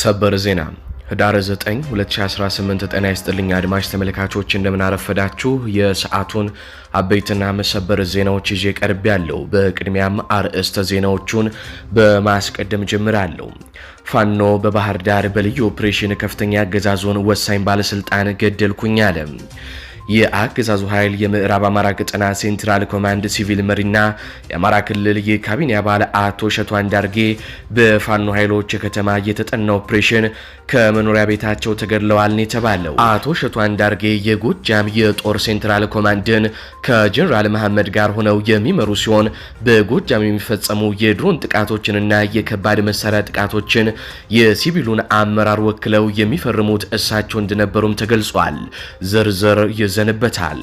ሰበር ዜና ህዳር 9 2018። ጤና ይስጥልኝ አድማጭ ተመልካቾች እንደምናረፈዳችሁ የሰዓቱን አበይትና መሰበር ዜናዎች ይዤ ቀርብ ያለው። በቅድሚያም አርዕስተ ዜናዎቹን በማስቀደም ጀምራለሁ። ፋኖ በባህር ዳር በልዩ ኦፕሬሽን ከፍተኛ አገዛዞን ወሳኝ ባለስልጣን ገደልኩኝ አለ። የአገዛዙ ኃይል የምዕራብ አማራ ቀጠና ሴንትራል ኮማንድ ሲቪል መሪና የአማራ ክልል የካቢኔ አባል አቶ ሸቷ እንዳርጌ በፋኖ ኃይሎች የከተማ የተጠና ኦፕሬሽን ከመኖሪያ ቤታቸው ተገድለዋል ነው የተባለው። አቶ ሸቱ አንዳርጌ የጎጃም የጦር ሴንትራል ኮማንድን ከጀኔራል መሐመድ ጋር ሆነው የሚመሩ ሲሆን በጎጃም የሚፈጸሙ የድሮን ጥቃቶችንና የከባድ መሳሪያ ጥቃቶችን የሲቪሉን አመራር ወክለው የሚፈርሙት እሳቸው እንደነበሩም ተገልጿል። ዝርዝር ይዘንበታል።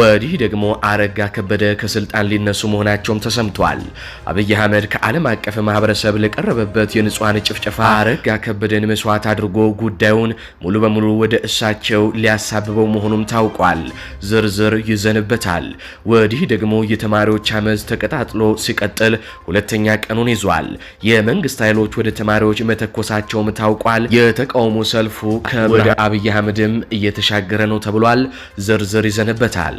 ወዲህ ደግሞ አረጋ ከበደ ከስልጣን ሊነሱ መሆናቸውም ተሰምቷል። አብይ አህመድ ከዓለም አቀፍ ማህበረሰብ ለቀረበበት የንጹሐን ጭፍጨፋ አረጋ ከበደን መስዋዕት አድርጎ አድርጎ ጉዳዩን ሙሉ በሙሉ ወደ እሳቸው ሊያሳብበው መሆኑም ታውቋል። ዝርዝር ይዘንበታል። ወዲህ ደግሞ የተማሪዎች አመፅ ተቀጣጥሎ ሲቀጥል ሁለተኛ ቀኑን ይዟል። የመንግስት ኃይሎች ወደ ተማሪዎች መተኮሳቸውም ታውቋል። የተቃውሞ ሰልፉ ከወደ አብይ አህመድም እየተሻገረ ነው ተብሏል። ዝርዝር ይዘንበታል።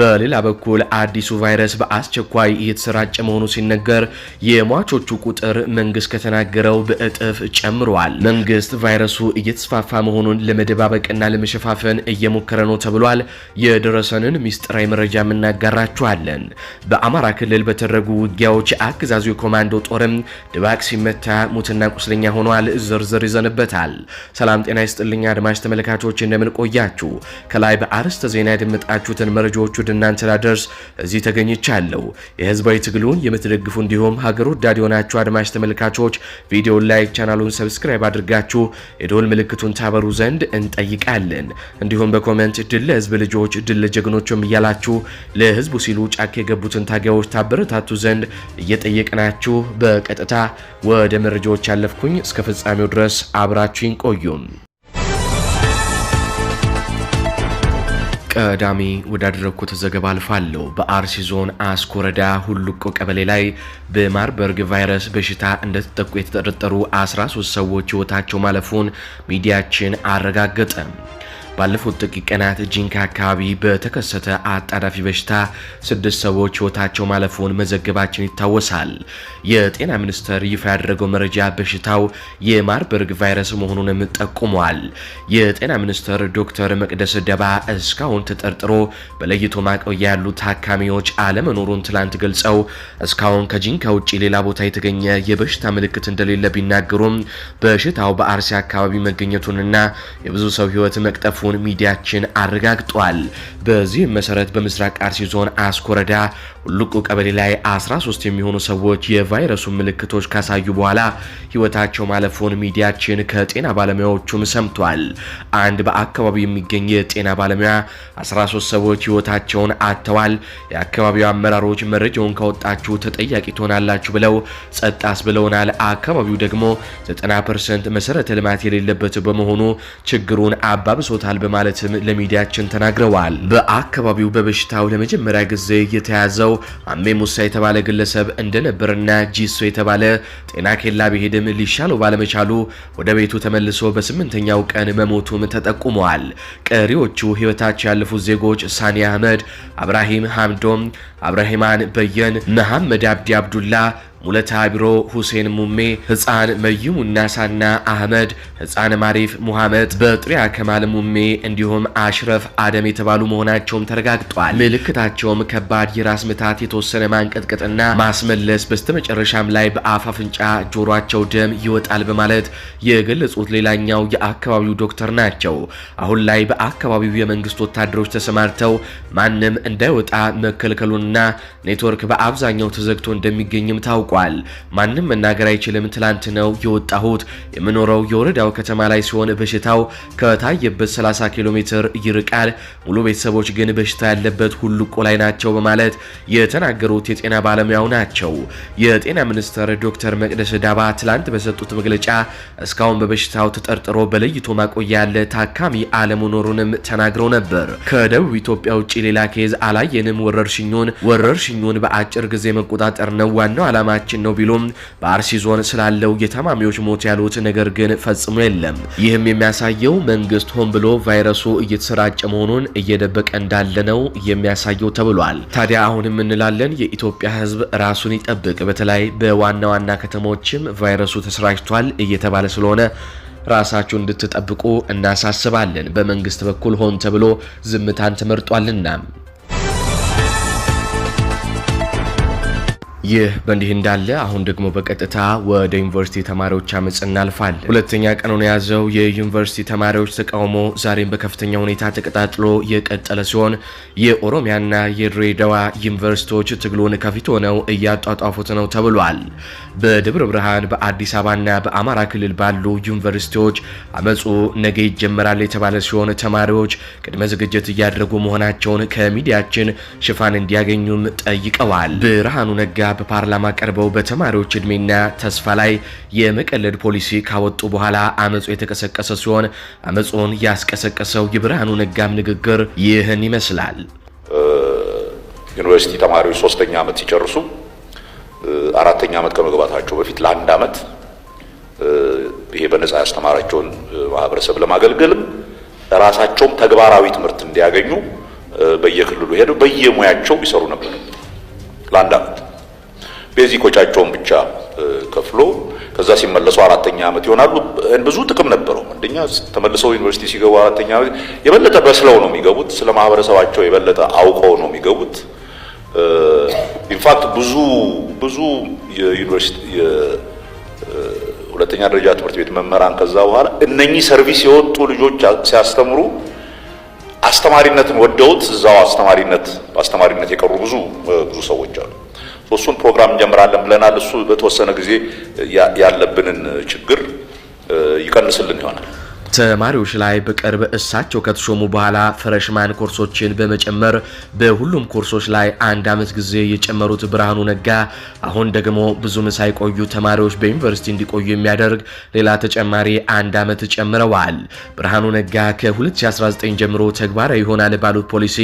በሌላ በኩል አዲሱ ቫይረስ በአስቸኳይ እየተሰራጨ መሆኑ ሲነገር የሟቾቹ ቁጥር መንግስት ከተናገረው በእጥፍ ጨምሯል። መንግስት ቫይረሱ ቫይረሱ እየተስፋፋ መሆኑን ለመደባበቅና ለመሸፋፈን እየሞከረ ነው ተብሏል። የደረሰንን ሚስጥራዊ መረጃ እናጋራችኋለን። በአማራ ክልል በተደረጉ ውጊያዎች አገዛዙ የኮማንዶ ጦርም ድባቅ ሲመታ ሙትና ቁስለኛ ሆኗል። ዝርዝር ይዘንበታል። ሰላም ጤና ይስጥልኛ አድማጭ ተመልካቾች እንደምን ቆያችሁ? ከላይ በአርዕስተ ዜና ያደመጣችሁትን መረጃዎቹ ድናንት ላደርስ እዚህ ተገኝቻለሁ። የህዝባዊ ትግሉን የምትደግፉ እንዲሁም ሀገር ወዳድ የሆናችሁ አድማጭ ተመልካቾች ቪዲዮን ላይክ፣ ቻናሉን ሰብስክራይብ አድርጋችሁ የዶል ምልክቱን ታበሩ ዘንድ እንጠይቃለን። እንዲሁም በኮመንት ድል ለህዝብ ልጆች፣ ድል ለጀግኖችም እያላችሁ ለህዝቡ ሲሉ ጫካ የገቡትን ታጋዮች ታበረታቱ ዘንድ እየጠየቅናችሁ በቀጥታ ወደ መረጃዎች ያለፍኩኝ እስከ ፍጻሜው ድረስ አብራችሁ ቆዩም። ቀዳሚ ወዳደረግኩት ዘገባ አልፋለሁ። በአርሲ ዞን አስኮረዳ ሁሉቆ ቀበሌ ላይ በማርበርግ ቫይረስ በሽታ እንደተጠቁ የተጠረጠሩ 13 ሰዎች ሕይወታቸው ማለፉን ሚዲያችን አረጋገጠ። ባለፉት ጥቂት ቀናት ጂንካ አካባቢ በተከሰተ አጣዳፊ በሽታ ስድስት ሰዎች ህይወታቸው ማለፉን መዘገባችን ይታወሳል። የጤና ሚኒስቴር ይፋ ያደረገው መረጃ በሽታው የማርበርግ ቫይረስ መሆኑንም ጠቁሟል። የጤና ሚኒስቴር ዶክተር መቅደስ ደባ እስካሁን ተጠርጥሮ በለይቶ ማቆያ ያሉ ታካሚዎች አለመኖሩን ትላንት ገልጸው እስካሁን ከጂንካ ውጭ ሌላ ቦታ የተገኘ የበሽታ ምልክት እንደሌለ ቢናገሩም በሽታው በአርሲ አካባቢ መገኘቱንና የብዙ ሰው ህይወት መቅጠፉ ማለፉን ሚዲያችን አረጋግጧል። በዚህም መሰረት በምስራቅ አርሲ ዞን አስኮረዳ ሁሉቁ ቀበሌ ላይ 13 የሚሆኑ ሰዎች የቫይረሱ ምልክቶች ካሳዩ በኋላ ህይወታቸው ማለፉን ሚዲያችን ከጤና ባለሙያዎቹም ሰምቷል። አንድ በአካባቢው የሚገኝ የጤና ባለሙያ 13 ሰዎች ህይወታቸውን አጥተዋል፣ የአካባቢው አመራሮች መረጃውን ካወጣችሁ ተጠያቂ ትሆናላችሁ ብለው ጸጥ አስብለውናል። አካባቢው ደግሞ 90 ፐርሰንት መሰረተ ልማት የሌለበት በመሆኑ ችግሩን አባብሶታል ይገባታል በማለትም ለሚዲያችን ተናግረዋል። በአካባቢው በበሽታው ለመጀመሪያ ጊዜ የተያዘው አሜ ሙሳ የተባለ ግለሰብ እንደነበርና ጂሶ የተባለ ጤና ኬላ ቢሄድም ሊሻለው ባለመቻሉ ወደ ቤቱ ተመልሶ በስምንተኛው ቀን መሞቱም ተጠቁመዋል። ቀሪዎቹ ህይወታቸው ያለፉት ዜጎች ሳኒ አህመድ፣ አብራሂም ሐምዶም፣ አብረሂማን በየን፣ መሐመድ አብዲ አብዱላ ሙለታ ቢሮ፣ ሁሴን ሙሜ፣ ህፃን መዩም ናሳና አህመድ፣ ህፃን ማሪፍ ሙሐመድ፣ በጥሪያ ከማል ሙሜ እንዲሁም አሽረፍ አደም የተባሉ መሆናቸውም ተረጋግጧል። ምልክታቸውም ከባድ የራስ ምታት፣ የተወሰነ ማንቀጥቀጥና ማስመለስ በስተመጨረሻም ላይ በአፍ አፍንጫ፣ ጆሯቸው ደም ይወጣል በማለት የገለጹት ሌላኛው የአካባቢው ዶክተር ናቸው። አሁን ላይ በአካባቢው የመንግስት ወታደሮች ተሰማርተው ማንም እንዳይወጣ መከልከሉንና ኔትወርክ በአብዛኛው ተዘግቶ እንደሚገኝም ታውቋል። አስታውቋል። ማንም መናገር አይችልም። ትላንት ነው የወጣሁት። የምኖረው የወረዳው ከተማ ላይ ሲሆን በሽታው ከታየበት 30 ኪሎ ሜትር ይርቃል። ሙሉ ቤተሰቦች ግን በሽታ ያለበት ቆ ላይ ናቸው በማለት የተናገሩት የጤና ባለሙያው ናቸው። የጤና ሚኒስትር ዶክተር መቅደስ ዳባ ትላንት በሰጡት መግለጫ እስካሁን በበሽታው ተጠርጥሮ በለይቶ ማቆያ ያለ ታካሚ አለመኖሩንም ተናግረው ነበር። ከደቡብ ኢትዮጵያ ውጭ ሌላ ኬዝ አላየንም። ወረርሽኙን ወረርሽኙን በአጭር ጊዜ መቆጣጠር ነው ዋናው ዓላማ ሀገራችን ነው ቢሉም በአርሲ ዞን ስላለው የተማሚዎች ሞት ያሉት ነገር ግን ፈጽሞ የለም። ይህም የሚያሳየው መንግስት ሆን ብሎ ቫይረሱ እየተሰራጨ መሆኑን እየደበቀ እንዳለ ነው የሚያሳየው ተብሏል። ታዲያ አሁንም እንላለን የኢትዮጵያ ህዝብ ራሱን ይጠብቅ። በተለይ በዋና ዋና ከተሞችም ቫይረሱ ተሰራጭቷል እየተባለ ስለሆነ ራሳችሁ እንድትጠብቁ እናሳስባለን። በመንግስት በኩል ሆን ተብሎ ዝምታን ተመርጧልና ይህ በእንዲህ እንዳለ አሁን ደግሞ በቀጥታ ወደ ዩኒቨርሲቲ ተማሪዎች አመፅ እናልፋለን። ሁለተኛ ቀኑን የያዘው የዩኒቨርሲቲ ተማሪዎች ተቃውሞ ዛሬም በከፍተኛ ሁኔታ ተቀጣጥሎ የቀጠለ ሲሆን የኦሮሚያና የድሬዳዋ ዩኒቨርሲቲዎች ትግሉን ከፊት ሆነው እያጧጧፉት ነው ተብሏል። በደብረ ብርሃን፣ በአዲስ አበባና በአማራ ክልል ባሉ ዩኒቨርሲቲዎች አመፁ ነገ ይጀመራል የተባለ ሲሆን ተማሪዎች ቅድመ ዝግጅት እያደረጉ መሆናቸውን ከሚዲያችን ሽፋን እንዲያገኙም ጠይቀዋል። ብርሃኑ ነጋ በፓርላማ ቀርበው በተማሪዎች እድሜና ተስፋ ላይ የመቀለድ ፖሊሲ ካወጡ በኋላ አመፁ የተቀሰቀሰ ሲሆን አመፁን ያስቀሰቀሰው የብርሃኑ ነጋም ንግግር ይህን ይመስላል። ዩኒቨርሲቲ ተማሪዎች ሶስተኛ ዓመት ሲጨርሱ አራተኛ ዓመት ከመግባታቸው በፊት ለአንድ ዓመት ይሄ በነጻ ያስተማራቸውን ማህበረሰብ ለማገልገልም ራሳቸውም ተግባራዊ ትምህርት እንዲያገኙ በየክልሉ ሄደው በየሙያቸው ይሰሩ ነበር ለአንድ ዓመት። ቤዚክ ወጫቸውን ብቻ ከፍሎ ከዛ ሲመለሱ አራተኛ ዓመት ይሆናሉ። ብዙ ጥቅም ነበረው። አንደኛ ተመልሰው ዩኒቨርሲቲ ሲገቡ አራተኛ ዓመት የበለጠ በስለው ነው የሚገቡት። ስለ ማህበረሰባቸው የበለጠ አውቀው ነው የሚገቡት። ኢንፋክት ብዙ ብዙ የዩኒቨርሲቲ ሁለተኛ ደረጃ ትምህርት ቤት መምህራን ከዛ በኋላ እነኚህ ሰርቪስ የወጡ ልጆች ሲያስተምሩ አስተማሪነትን ወደውት እዛው አስተማሪነት በአስተማሪነት የቀሩ ብዙ ብዙ ሰዎች አሉ። እሱን ፕሮግራም እንጀምራለን ብለናል። እሱ በተወሰነ ጊዜ ያለብንን ችግር ይቀንስልን ይሆናል። ተማሪዎች ላይ በቅርብ እሳቸው ከተሾሙ በኋላ ፍረሽማን ኮርሶችን በመጨመር በሁሉም ኮርሶች ላይ አንድ ዓመት ጊዜ የጨመሩት ብርሃኑ ነጋ አሁን ደግሞ ብዙም ሳይቆዩ ተማሪዎች በዩኒቨርሲቲ እንዲቆዩ የሚያደርግ ሌላ ተጨማሪ አንድ ዓመት ጨምረዋል። ብርሃኑ ነጋ ከ2019 ጀምሮ ተግባራዊ ይሆናል ባሉት ፖሊሲ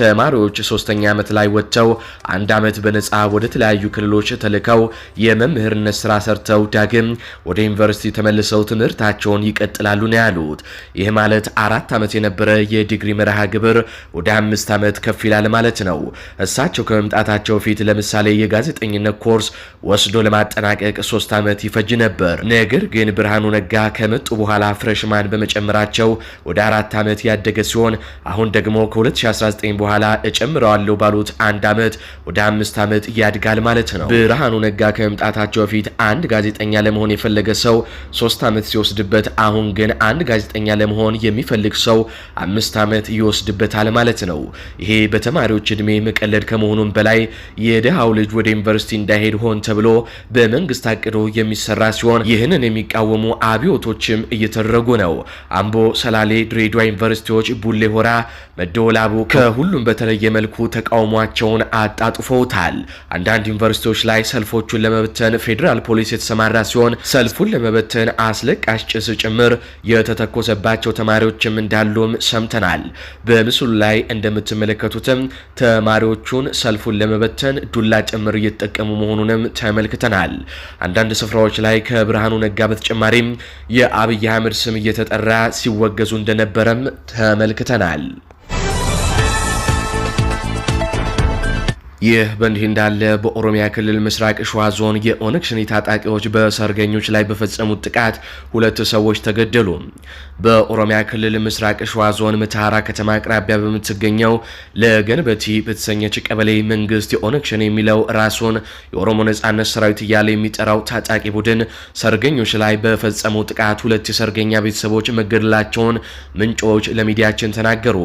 ተማሪዎች ሶስተኛ ዓመት ላይ ወጥተው አንድ ዓመት በነፃ ወደ ተለያዩ ክልሎች ተልከው የመምህርነት ስራ ሰርተው ዳግም ወደ ዩኒቨርሲቲ ተመልሰው ትምህርታቸውን ይቀጥላሉ ነው ያሉት። ይህ ማለት አራት ዓመት የነበረ የዲግሪ መርሃ ግብር ወደ አምስት ዓመት ከፍ ይላል ማለት ነው። እሳቸው ከመምጣታቸው ፊት ለምሳሌ የጋዜጠኝነት ኮርስ ወስዶ ለማጠናቀቅ ሶስት ዓመት ይፈጅ ነበር። ነገር ግን ብርሃኑ ነጋ ከመጡ በኋላ ፍረሽማን በመጨመራቸው ወደ አራት ዓመት ያደገ ሲሆን አሁን ደግሞ ከ2019 በኋላ እጨምረዋለሁ ባሉት አንድ ዓመት ወደ አምስት ዓመት ያድጋል ማለት ነው። ብርሃኑ ነጋ ከመምጣታቸው በፊት አንድ ጋዜጠኛ ለመሆን የፈለገ ሰው ሶስት ዓመት ሲወስድበት፣ አሁን ግን አ አንድ ጋዜጠኛ ለመሆን የሚፈልግ ሰው አምስት ዓመት ይወስድበታል ማለት ነው። ይሄ በተማሪዎች ዕድሜ መቀለድ ከመሆኑም በላይ የድሃው ልጅ ወደ ዩኒቨርሲቲ እንዳይሄድ ሆን ተብሎ በመንግስት አቅዶ የሚሰራ ሲሆን ይህንን የሚቃወሙ አብዮቶችም እየተደረጉ ነው። አምቦ፣ ሰላሌ፣ ድሬዳዋ ዩኒቨርሲቲዎች፣ ቡሌ ሆራ፣ መደወላቡ ከሁሉም በተለየ መልኩ ተቃውሟቸውን አጣጥፈውታል። አንዳንድ ዩኒቨርሲቲዎች ላይ ሰልፎቹን ለመበተን ፌዴራል ፖሊስ የተሰማራ ሲሆን ሰልፉን ለመበተን አስለቃሽ ጭስ ጭምር የተተኮሰባቸው ተማሪዎችም እንዳሉም ሰምተናል። በምስሉ ላይ እንደምትመለከቱትም ተማሪዎቹን ሰልፉን ለመበተን ዱላ ጭምር እየተጠቀሙ መሆኑንም ተመልክተናል። አንዳንድ ስፍራዎች ላይ ከብርሃኑ ነጋ በተጨማሪም የአብይ አህመድ ስም እየተጠራ ሲወገዙ እንደነበረም ተመልክተናል። ይህ በእንዲህ እንዳለ በኦሮሚያ ክልል ምስራቅ ሸዋ ዞን የኦነግ ሸኔ ታጣቂዎች በሰርገኞች ላይ በፈጸሙት ጥቃት ሁለት ሰዎች ተገደሉ። በኦሮሚያ ክልል ምስራቅ ሸዋ ዞን ምትሃራ ከተማ አቅራቢያ በምትገኘው ለገንበቲ በተሰኘች ቀበሌ መንግስት የኦነግ ሸኔ የሚለው ራሱን የኦሮሞ ነጻነት ሰራዊት እያለ የሚጠራው ታጣቂ ቡድን ሰርገኞች ላይ በፈጸመው ጥቃት ሁለት የሰርገኛ ቤተሰቦች መገደላቸውን ምንጮች ለሚዲያችን ተናገሩ።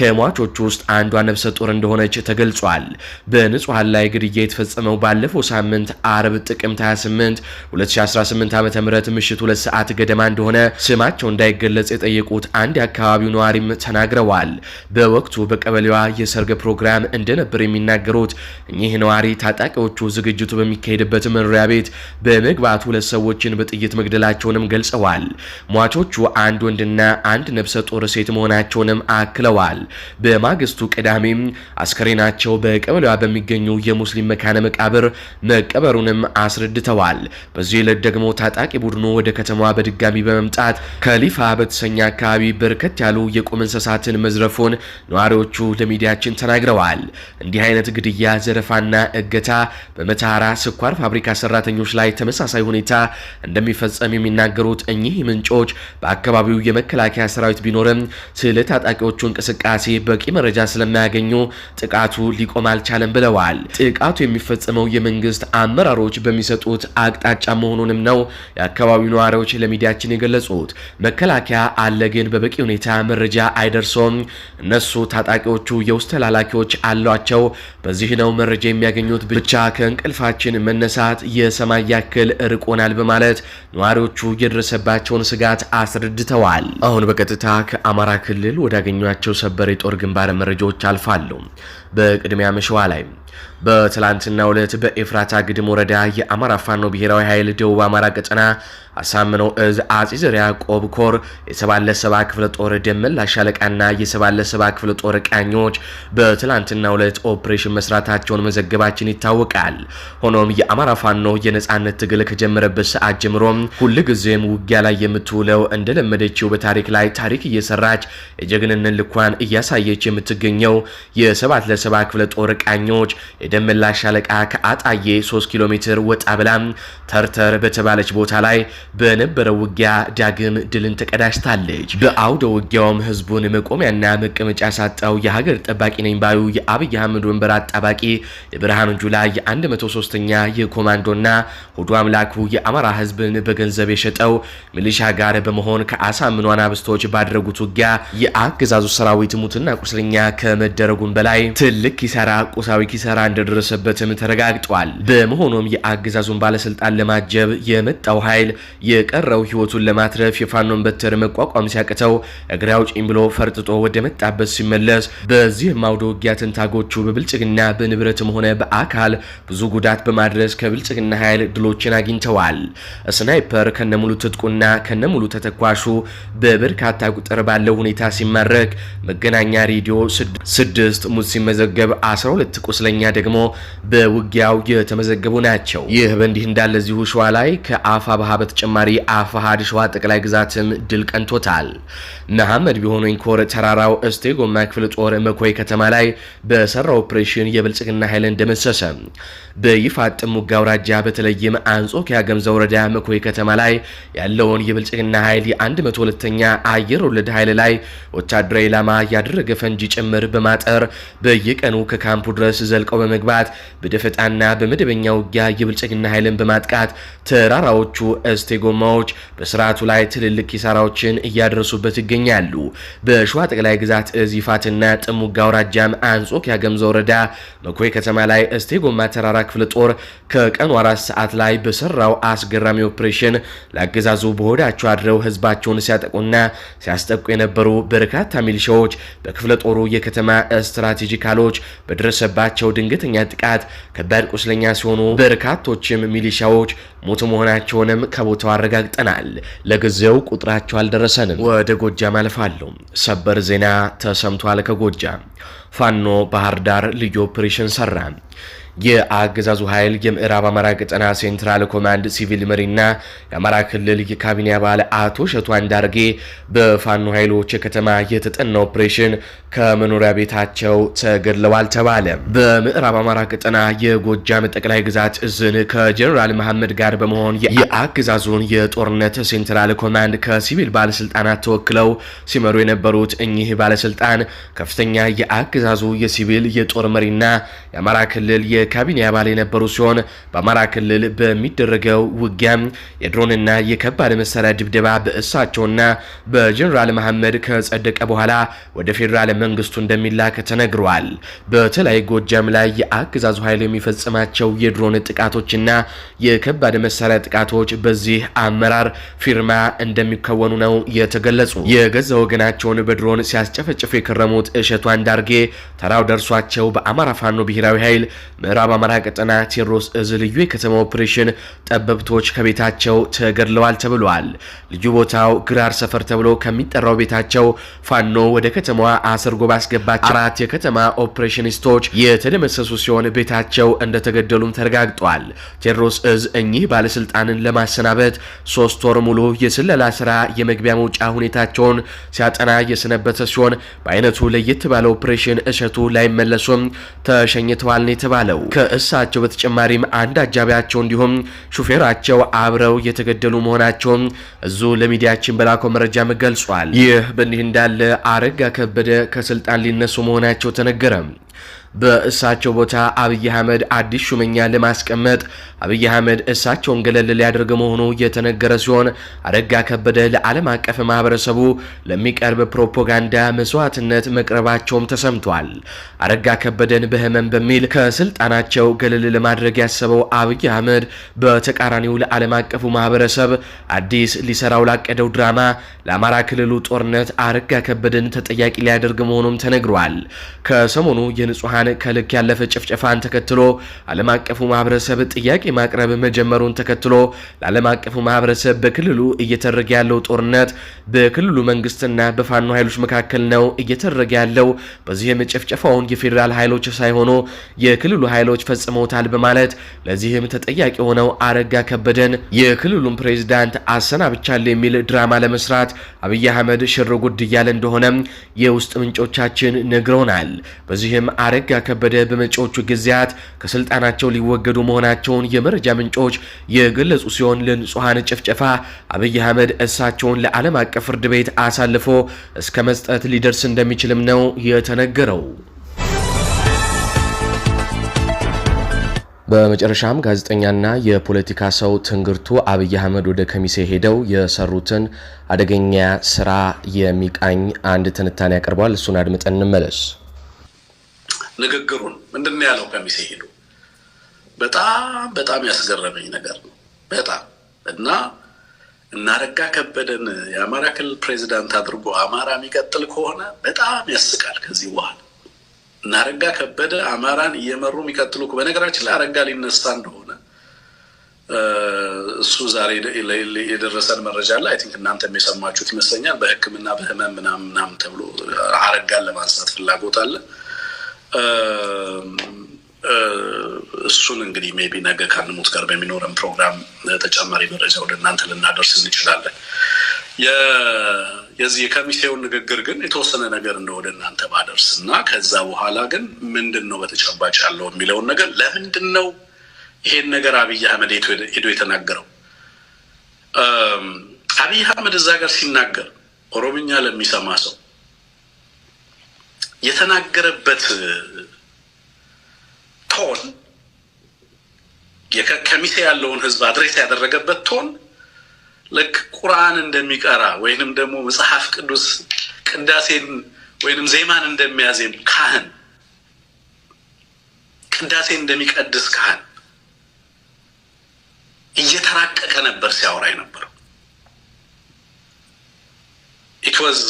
ከሟቾቹ ውስጥ አንዷ ነፍሰ ጡር እንደሆነች ተገልጿል። በንጹሐን ላይ ግድያ የተፈጸመው ባለፈው ሳምንት አርብ ጥቅምት 28 2018 ዓ ም ምሽት ሁለት ሰዓት ገደማ እንደሆነ ስማቸው እንዳይገለጽ የጠየቁት አንድ የአካባቢው ነዋሪም ተናግረዋል። በወቅቱ በቀበሌዋ የሰርግ ፕሮግራም እንደነበር የሚናገሩት እኚህ ነዋሪ ታጣቂዎቹ ዝግጅቱ በሚካሄድበት መኖሪያ ቤት በመግባት ሁለት ሰዎችን በጥይት መግደላቸውንም ገልጸዋል። ሟቾቹ አንድ ወንድና አንድ ነፍሰ ጡር ሴት መሆናቸውንም አክለዋል። በማግስቱ ቅዳሜም አስከሬናቸው በቀበሌዋ በሚገኘው የሙስሊም መካነ መቃብር መቀበሩንም አስረድተዋል። በዚህ ዕለት ደግሞ ታጣቂ ቡድኑ ወደ ከተማዋ በድጋሚ በመምጣት ከሊፋ በተሰኘ አካባቢ በርከት ያሉ የቁም እንስሳትን መዝረፉን ነዋሪዎቹ ለሚዲያችን ተናግረዋል። እንዲህ አይነት ግድያ፣ ዘረፋና እገታ በመተሐራ ስኳር ፋብሪካ ሰራተኞች ላይ ተመሳሳይ ሁኔታ እንደሚፈጸም የሚናገሩት እኚህ ምንጮች በአካባቢው የመከላከያ ሰራዊት ቢኖርም ስለ ታጣቂዎቹ እንቅስቃሴ በቂ መረጃ ስለማያገኙ ጥቃቱ ሊቆም አልቻለም አልተቻለም ብለዋል። ጥቃቱ የሚፈጸመው የመንግስት አመራሮች በሚሰጡት አቅጣጫ መሆኑንም ነው የአካባቢው ነዋሪዎች ለሚዲያችን የገለጹት። መከላከያ አለ፣ ግን በበቂ ሁኔታ መረጃ አይደርሰውም። እነሱ ታጣቂዎቹ የውስጥ ተላላኪዎች አሏቸው። በዚህ ነው መረጃ የሚያገኙት። ብቻ ከእንቅልፋችን መነሳት የሰማይ ያክል ርቆናል በማለት ነዋሪዎቹ የደረሰባቸውን ስጋት አስረድተዋል። አሁን በቀጥታ ከአማራ ክልል ወዳገኟቸው ሰበር የጦር ግንባር መረጃዎች አልፋለሁ። በቅድሚያ መሸዋ Mannheim. በትላንትና ዕለት በኤፍራታ ግድም ወረዳ የአማራ ፋኖ ብሔራዊ ኃይል ደቡብ አማራ ቀጠና አሳምነው እዝ አጼ ዘርዓ ያዕቆብ ኮር የሰባለሰባ ክፍለ ጦር ደመላሽ ሻለቃና የሰባለሰባ ክፍለ ጦር ቃኞች በትላንትናው ዕለት ኦፕሬሽን መስራታቸውን መዘገባችን ይታወቃል። ሆኖም የአማራ ፋኖ የነጻነት ትግል ከጀመረበት ሰዓት ጀምሮ ሁል ጊዜም ውጊያ ላይ የምትውለው እንደለመደችው በታሪክ ላይ ታሪክ እየሰራች የጀግንነት ልኳን እያሳየች የምትገኘው የሰባት ለሰባ ክፍለ ጦር ቃኞች የደመላሽ ሻለቃ ከአጣዬ 3 ኪሎ ሜትር ወጣ ብላም ተርተር በተባለች ቦታ ላይ በነበረው ውጊያ ዳግም ድልን ተቀዳጅታለች። በአውደ ውጊያውም ህዝቡን መቆሚያና መቀመጫ ሳጣው የሀገር ጠባቂ ነኝ ባዩ የአብይ አህመድ ወንበር አጣባቂ የብርሃኑ ጁላ የ103ኛ የኮማንዶና ሁዱ አምላኩ የአማራ ህዝብን በገንዘብ የሸጠው ሚሊሻ ጋር በመሆን ከአሳምኗ አናብስቶች ባደረጉት ውጊያ የአገዛዙ ሰራዊት ሙትና ቁስለኛ ከመደረጉን በላይ ትልቅ ኪሳራ ቁሳዊ ኪሳራ ኪሳራ እንደደረሰበትም ተረጋግጧል። በመሆኑም የአገዛዙን ባለስልጣን ለማጀብ የመጣው ኃይል የቀረው ህይወቱን ለማትረፍ የፋኖን በትር መቋቋም ሲያቅተው እግሬ አውጪኝ ብሎ ፈርጥጦ ወደ መጣበት ሲመለስ፣ በዚህም አውደ ውጊያ ትንታጎቹ በብልጽግና በንብረትም ሆነ በአካል ብዙ ጉዳት በማድረስ ከብልጽግና ኃይል ድሎችን አግኝተዋል። ስናይፐር ከነሙሉ ትጥቁና ከነሙሉ ተተኳሹ በበርካታ ቁጥር ባለው ሁኔታ ሲማረክ፣ መገናኛ ሬዲዮ ስድስት ሙት ሲመዘገብ 12 ቁስለኛ ሁለተኛ ደግሞ በውጊያው የተመዘገቡ ናቸው። ይህ በእንዲህ እንዳለ እዚሁ ሸዋ ላይ ከአፋ ባህ በተጨማሪ አፋሃድ ሸዋ ጠቅላይ ግዛትም ድል ቀንቶታል። መሐመድ ቢሆነኝ ኮር ተራራው እስቴ ጎማ ክፍለ ጦር መኮይ ከተማ ላይ በሰራ ኦፕሬሽን የብልጽግና ኃይልን ደመሰሰ። በይፋጥም ሙጋ አውራጃ በተለይም አንጾኪያ ገምዘ ወረዳ መኮይ ከተማ ላይ ያለውን የብልጽግና ኃይል የ102ኛ አየር ወለድ ኃይል ላይ ወታደራዊ ኢላማ ያደረገ ፈንጂ ጭምር በማጠር በየቀኑ ከካምፑ ድረስ ዘል ዘልቀው በመግባት በደፈጣና በመደበኛ ውጊያ የብልጽግና ኃይልን በማጥቃት ተራራዎቹ እስቴ ጎማዎች በስርዓቱ ላይ ትልልቅ ኪሳራዎችን እያደረሱበት ይገኛሉ። በሸዋ ጠቅላይ ግዛት እዝ ይፋትና ጥሙጋ አውራጃም አንጾኪያ ያገምዘ ወረዳ መኮይ ከተማ ላይ እስቴ ጎማ ተራራ ክፍለ ጦር ከቀኑ አራት ሰዓት ላይ በሰራው አስገራሚ ኦፕሬሽን ለአገዛዙ በሆዳቸው አድረው ህዝባቸውን ሲያጠቁና ሲያስጠቁ የነበሩ በርካታ ሚሊሻዎች በክፍለ ጦሩ የከተማ ስትራቴጂካሎች በደረሰባቸው ድንገተኛ ጥቃት ከባድ ቁስለኛ ሲሆኑ በርካቶችም ሚሊሻዎች ሞት መሆናቸውንም ከቦታው አረጋግጠናል። ለጊዜው ቁጥራቸው አልደረሰንም። ወደ ጎጃም አልፋለሁ። ሰበር ዜና ተሰምቷል። ከጎጃም ፋኖ ባህር ዳር ልዩ ኦፕሬሽን ሰራ። የአገዛዙ ኃይል የምዕራብ አማራ ቀጠና ሴንትራል ኮማንድ ሲቪል መሪና የአማራ ክልል የካቢኔ አባል አቶ ሸቱ አንዳርጌ በፋኖ ኃይሎች የከተማ የተጠና ኦፕሬሽን ከመኖሪያ ቤታቸው ተገድለዋል ተባለ። በምዕራብ አማራ ቀጠና የጎጃም ጠቅላይ ግዛት እዝን ከጀኔራል መሐመድ ጋር በመሆን የአገዛዙን የጦርነት ሴንትራል ኮማንድ ከሲቪል ባለስልጣናት ተወክለው ሲመሩ የነበሩት እኚህ ባለስልጣን ከፍተኛ የአገዛዙ የሲቪል የጦር መሪና የአማራ ክልል የ የካቢኔ አባል የነበሩ ሲሆን በአማራ ክልል በሚደረገው ውጊያም የድሮንና የከባድ መሳሪያ ድብደባ በእሳቸውና በጀኔራል መሐመድ ከጸደቀ በኋላ ወደ ፌዴራል መንግስቱ እንደሚላክ ተነግሯል። በተለይ ጎጃም ላይ የአገዛዙ ኃይል የሚፈጽማቸው የድሮን ጥቃቶችና የከባድ መሳሪያ ጥቃቶች በዚህ አመራር ፊርማ እንደሚከወኑ ነው የተገለጹ። የገዛ ወገናቸውን በድሮን ሲያስጨፈጭፍ የከረሙት እሸቱ አንዳርጌ ተራው ደርሷቸው በአማራ ፋኖ ብሔራዊ ኃይል ምዕራብ አማራ ቀጠና ቴዎድሮስ እዝ ልዩ የከተማ ኦፕሬሽን ጠበብቶች ከቤታቸው ተገድለዋል ተብሏል። ልዩ ቦታው ግራር ሰፈር ተብሎ ከሚጠራው ቤታቸው ፋኖ ወደ ከተማዋ አሰርጎ ባስገባቸው አራት የከተማ ኦፕሬሽኒስቶች የተደመሰሱ ሲሆን ቤታቸው እንደተገደሉም ተረጋግጧል። ቴዎድሮስ እዝ እኚህ ባለስልጣንን ለማሰናበት ሶስት ወር ሙሉ የስለላ ስራ የመግቢያ መውጫ ሁኔታቸውን ሲያጠና የሰነበተ ሲሆን በአይነቱ ለየት ባለ ኦፕሬሽን እሸቱ ላይመለሱም ተሸኝተዋል ነው የተባለው። ከእሳቸው በተጨማሪም አንድ አጃቢያቸው እንዲሁም ሹፌራቸው አብረው የተገደሉ መሆናቸውም እዙ ለሚዲያችን በላከው መረጃ ገልጿል። ይህ በእንዲህ እንዳለ አረጋ ከበደ ከስልጣን ሊነሱ መሆናቸው ተነገረ። በእሳቸው ቦታ አብይ አህመድ አዲስ ሹመኛ ለማስቀመጥ አብይ አህመድ እሳቸውን ገለል ሊያደርግ መሆኑ የተነገረ ሲሆን አረጋ ከበደ ለዓለም አቀፍ ማህበረሰቡ ለሚቀርብ ፕሮፓጋንዳ መስዋዕትነት መቅረባቸውም ተሰምቷል። አረጋ ከበደን በህመም በሚል ከስልጣናቸው ገለል ለማድረግ ያሰበው አብይ አህመድ በተቃራኒው ለዓለም አቀፉ ማህበረሰብ አዲስ ሊሰራው ላቀደው ድራማ ለአማራ ክልሉ ጦርነት አረጋ ከበደን ተጠያቂ ሊያደርግ መሆኑም ተነግሯል። ከሰሞኑ የንጹሐን ኢራን ከልክ ያለፈ ጭፍጨፋን ተከትሎ ዓለም አቀፉ ማህበረሰብ ጥያቄ ማቅረብ መጀመሩን ተከትሎ ለዓለም አቀፉ ማህበረሰብ በክልሉ እየተደረገ ያለው ጦርነት በክልሉ መንግስትና በፋኖ ኃይሎች መካከል ነው እየተደረገ ያለው። በዚህም ጭፍጨፋውን የፌዴራል ኃይሎች ሳይሆኑ የክልሉ ኃይሎች ፈጽመውታል በማለት ለዚህም ተጠያቂ ሆነው አረጋ ከበደን የክልሉን ፕሬዚዳንት አሰናብቻለሁ የሚል ድራማ ለመስራት አብይ አህመድ ሽር ጉድ እያለ የውስጥ ምንጮቻችን ነግረውናል። በዚህም አረጋ አረጋ ከበደ በመጪዎቹ ጊዜያት ከስልጣናቸው ሊወገዱ መሆናቸውን የመረጃ ምንጮች የገለጹ ሲሆን ለንጹሐን ጭፍጨፋ አብይ አህመድ እሳቸውን ለዓለም አቀፍ ፍርድ ቤት አሳልፎ እስከ መስጠት ሊደርስ እንደሚችልም ነው የተነገረው። በመጨረሻም ጋዜጠኛና የፖለቲካ ሰው ትንግርቱ አብይ አህመድ ወደ ከሚሴ ሄደው የሰሩትን አደገኛ ስራ የሚቃኝ አንድ ትንታኔ ያቀርቧል። እሱን አድምጠን እንመለስ። ንግግሩን ምንድን ነው ያለው? ከሚሴ ሄዱ። በጣም በጣም ያስገረመኝ ነገር ነው በጣም እና እናረጋ ከበደን የአማራ ክልል ፕሬዚዳንት አድርጎ አማራ የሚቀጥል ከሆነ በጣም ያስቃል። ከዚህ በኋላ እናረጋ ከበደ አማራን እየመሩ የሚቀጥሉ በነገራችን ላይ አረጋ ሊነሳ እንደሆነ እሱ ዛሬ የደረሰን መረጃ ላይ አይ ቲንክ እናንተም የሰማችሁት ይመስለኛል። በህክምና በህመም ምናምን ተብሎ አረጋን ለማንሳት ፍላጎት አለ። እሱን እንግዲህ ሜቢ ነገ ከአንሙት ጋር በሚኖረን ፕሮግራም ተጨማሪ መረጃ ወደ እናንተ ልናደርስ እንችላለን። የዚህ የከሚቴውን ንግግር ግን የተወሰነ ነገር እንደ ወደ እናንተ ባደርስ እና ከዛ በኋላ ግን ምንድን ነው በተጨባጭ ያለው የሚለውን ነገር ለምንድን ነው ይሄን ነገር አብይ አህመድ ሄዶ የተናገረው? አብይ አህመድ እዛ ጋር ሲናገር ኦሮምኛ ለሚሰማ ሰው የተናገረበት ቶን ከሚሴ ያለውን ህዝብ አድሬስ ያደረገበት ቶን ልክ ቁርአን እንደሚቀራ ወይንም ደግሞ መጽሐፍ ቅዱስ ቅዳሴን ወይንም ዜማን እንደሚያዜም ካህን ቅዳሴን እንደሚቀድስ ካህን እየተራቀቀ ነበር ሲያወራ የነበረው ኢትወዝ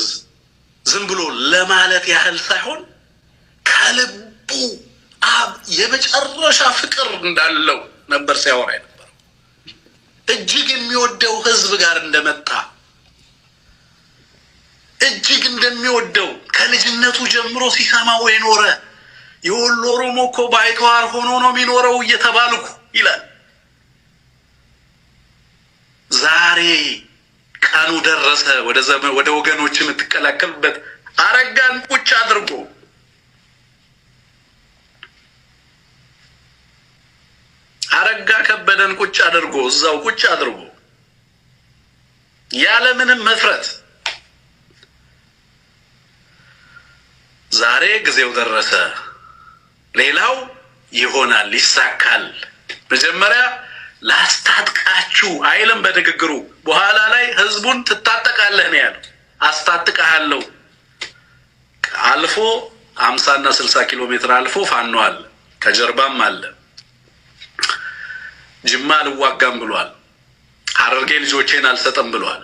ዝም ብሎ ለማለት ያህል ሳይሆን ከልቡ አብ የመጨረሻ ፍቅር እንዳለው ነበር ሲያወራ የነበረው። እጅግ የሚወደው ህዝብ ጋር እንደመጣ እጅግ እንደሚወደው ከልጅነቱ ጀምሮ ሲሰማው የኖረ የወሎ ኦሮሞ እኮ ባይተዋር ሆኖ ነው የሚኖረው እየተባልኩ ይላል ዛሬ ቀኑ ደረሰ፣ ወደ ወገኖች የምትቀላቀልበት አረጋን ቁጭ አድርጎ አረጋ ከበደን ቁጭ አድርጎ እዛው ቁጭ አድርጎ ያለምንም መፍረት ዛሬ ጊዜው ደረሰ፣ ሌላው ይሆናል፣ ይሳካል። መጀመሪያ ላስታጥቃችሁ አይልም በንግግሩ። በኋላ ላይ ህዝቡን ትታጠቃለህ ነው ያለው። አስታጥቃለሁ አልፎ አምሳና ስልሳ ኪሎ ሜትር አልፎ ፋኖ አለ፣ ከጀርባም አለ። ጅማ አልዋጋም ብሏል። ሀረርጌ ልጆቼን አልሰጠም ብሏል።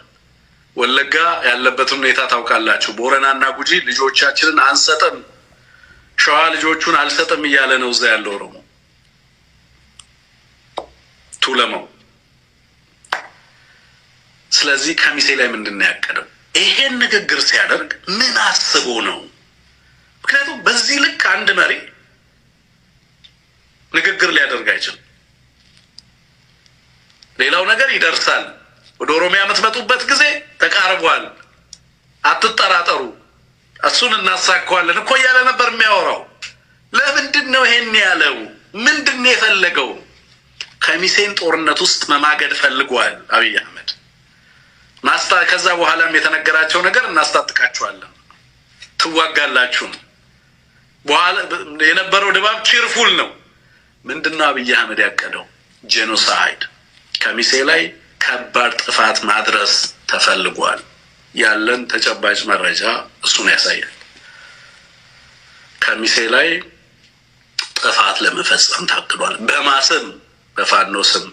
ወለጋ ያለበትን ሁኔታ ታውቃላችሁ። ቦረናና ጉጂ ልጆቻችንን አንሰጥም፣ ሸዋ ልጆቹን አልሰጥም እያለ ነው እዛ ያለው ኦሮሞ ዑለማው። ስለዚህ ከሚሴ ላይ ምንድን ነው ያቀደው? ይሄን ንግግር ሲያደርግ ምን አስቦ ነው? ምክንያቱም በዚህ ልክ አንድ መሪ ንግግር ሊያደርግ አይችልም። ሌላው ነገር ይደርሳል። ወደ ኦሮሚያ የምትመጡበት ጊዜ ተቃርቧል፣ አትጠራጠሩ፣ እሱን እናሳካዋለን እኮ እያለ ነበር የሚያወራው። ለምንድን ነው ይሄን ያለው? ምንድን ነው የፈለገው? ከሚሴን ጦርነት ውስጥ መማገድ ፈልጓል አብይ አህመድ። ከዛ በኋላም የተነገራቸው ነገር እናስታጥቃችኋለን፣ ትዋጋላችሁ በኋላ የነበረው ድባብ ቺርፉል ነው። ምንድን ነው አብይ አህመድ ያቀደው? ጄኖሳይድ ከሚሴ ላይ ከባድ ጥፋት ማድረስ ተፈልጓል። ያለን ተጨባጭ መረጃ እሱን ያሳያል። ከሚሴ ላይ ጥፋት ለመፈጸም ታቅዷል በማሰብ በፋኖ ስም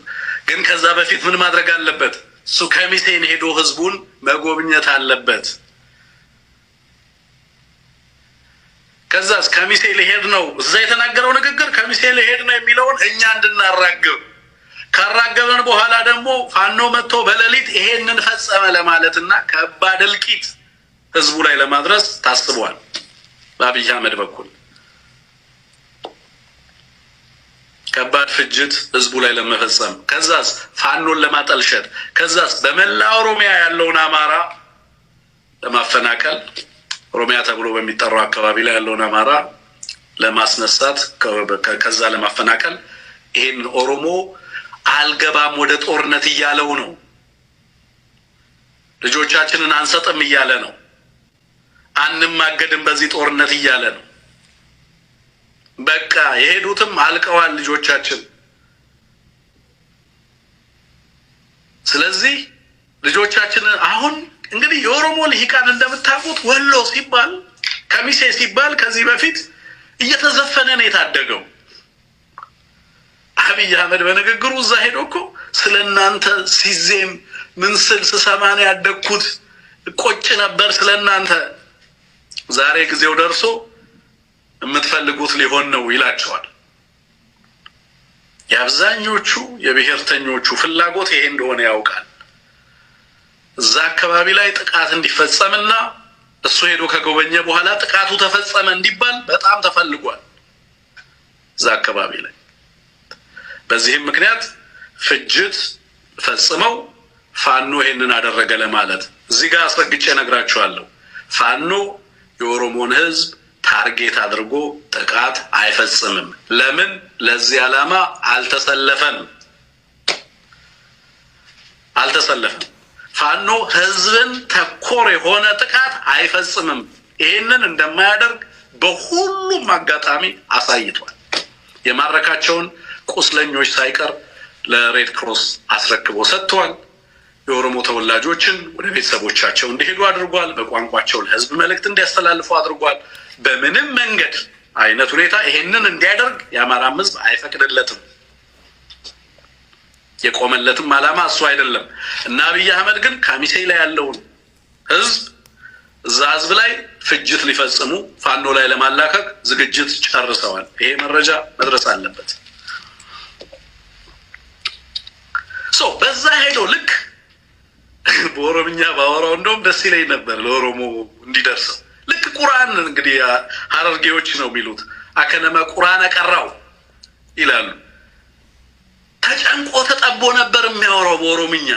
ግን ከዛ በፊት ምን ማድረግ አለበት? እሱ ከሚሴን ሄዶ ህዝቡን መጎብኘት አለበት። ከዛስ ከሚሴ ሊሄድ ነው እዛ የተናገረው ንግግር ከሚሴ ሊሄድ ነው የሚለውን እኛ እንድናራግብ ካራገብን በኋላ ደግሞ ፋኖ መጥቶ በሌሊት ይሄንን ፈጸመ ለማለትና ከባድ እልቂት ህዝቡ ላይ ለማድረስ ታስቧል በአብይ አህመድ በኩል። ከባድ ፍጅት ህዝቡ ላይ ለመፈጸም ከዛስ ፋኖን ለማጠልሸት ከዛስ በመላ ኦሮሚያ ያለውን አማራ ለማፈናቀል ኦሮሚያ ተብሎ በሚጠራው አካባቢ ላይ ያለውን አማራ ለማስነሳት ከዛ ለማፈናቀል ይህን ኦሮሞ አልገባም ወደ ጦርነት እያለው ነው። ልጆቻችንን አንሰጥም እያለ ነው። አንማገድም በዚህ ጦርነት እያለ ነው። በቃ የሄዱትም አልቀዋል ልጆቻችን። ስለዚህ ልጆቻችን አሁን እንግዲህ የኦሮሞ ልሂቃን እንደምታውቁት ወሎ ሲባል ከሚሴ ሲባል ከዚህ በፊት እየተዘፈነ ነው የታደገው። አብይ አህመድ በንግግሩ እዛ ሄዶ እኮ ስለ እናንተ ሲዜም ምን ስል ስሰማን ያደግኩት፣ ቆጭ ነበር ስለ እናንተ። ዛሬ ጊዜው ደርሶ የምትፈልጉት ሊሆን ነው ይላቸዋል። የአብዛኞቹ የብሔርተኞቹ ፍላጎት ይሄ እንደሆነ ያውቃል። እዛ አካባቢ ላይ ጥቃት እንዲፈጸምና እሱ ሄዶ ከጎበኘ በኋላ ጥቃቱ ተፈጸመ እንዲባል በጣም ተፈልጓል እዛ አካባቢ ላይ። በዚህም ምክንያት ፍጅት ፈጽመው ፋኖ ይሄንን አደረገ ለማለት እዚህ ጋር አስረግጬ ነግራችኋለሁ። ፋኖ የኦሮሞን ህዝብ። ታርጌት አድርጎ ጥቃት አይፈጽምም። ለምን? ለዚህ ዓላማ አልተሰለፈም አልተሰለፈም። ፋኖ ህዝብን ተኮር የሆነ ጥቃት አይፈጽምም። ይህንን እንደማያደርግ በሁሉም አጋጣሚ አሳይቷል። የማረካቸውን ቁስለኞች ሳይቀር ለሬድ ክሮስ አስረክቦ ሰጥቷል። የኦሮሞ ተወላጆችን ወደ ቤተሰቦቻቸው እንዲሄዱ አድርጓል። በቋንቋቸው ለህዝብ መልእክት እንዲያስተላልፉ አድርጓል። በምንም መንገድ አይነት ሁኔታ ይሄንን እንዲያደርግ የአማራም ህዝብ አይፈቅድለትም። የቆመለትም አላማ እሱ አይደለም እና አብይ አህመድ ግን ካሚሴ ላይ ያለውን ህዝብ እዛ ህዝብ ላይ ፍጅት ሊፈጽሙ ፋኖ ላይ ለማላከቅ ዝግጅት ጨርሰዋል። ይሄ መረጃ መድረስ አለበት። በዛ ሄዶ ልክ በኦሮምኛ ባወራው እንደውም ደስ ይለኝ ነበር ለኦሮሞ እንዲደርሰው። ልክ ቁርአን እንግዲህ ሀረርጌዎች ነው የሚሉት አከነመ ቁርአን ቀራው ይላሉ። ተጨንቆ ተጠቦ ነበር የሚያወራው በኦሮምኛ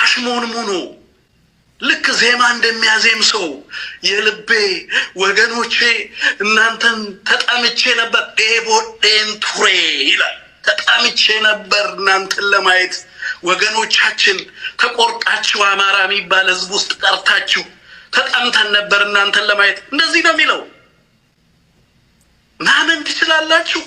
አሽሞን ሙኖ ልክ ዜማ እንደሚያዜም ሰው የልቤ ወገኖቼ እናንተን ተጠምቼ ነበር። ቦዴን ቱሬ ይላል። ተጠምቼ ነበር እናንተን ለማየት ወገኖቻችን ተቆርጣችሁ አማራ የሚባል ህዝብ ውስጥ ቀርታችሁ ተጠምተን ነበር እናንተን ለማየት። እንደዚህ ነው የሚለው። ማመን ትችላላችሁ።